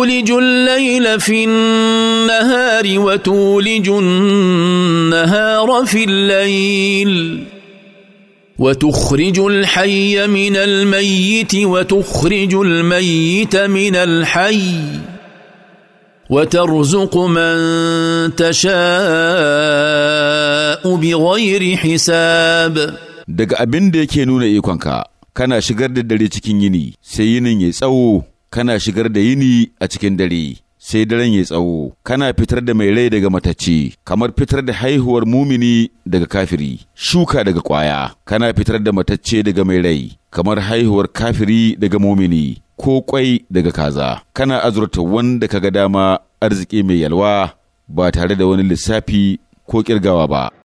تولج الليل في النهار وتولج النهار في الليل وتخرج الحي من الميت وتخرج الميت من الحي وترزق من تشاء بغير حساب daga أبن da yake nuna ikonka kana shigar da dare cikin kana shigar da yini a cikin dare sai daren ya tsawo kana fitar da mai rai daga matacce kamar fitar da haihuwar mumini daga kafiri shuka daga kwaya kana fitar da matacce daga mai rai kamar haihuwar kafiri daga mumini ko kwai daga kaza kana azurta wanda kaga dama arziki mai yalwa ba tare da wani lissafi ko kirgawa ba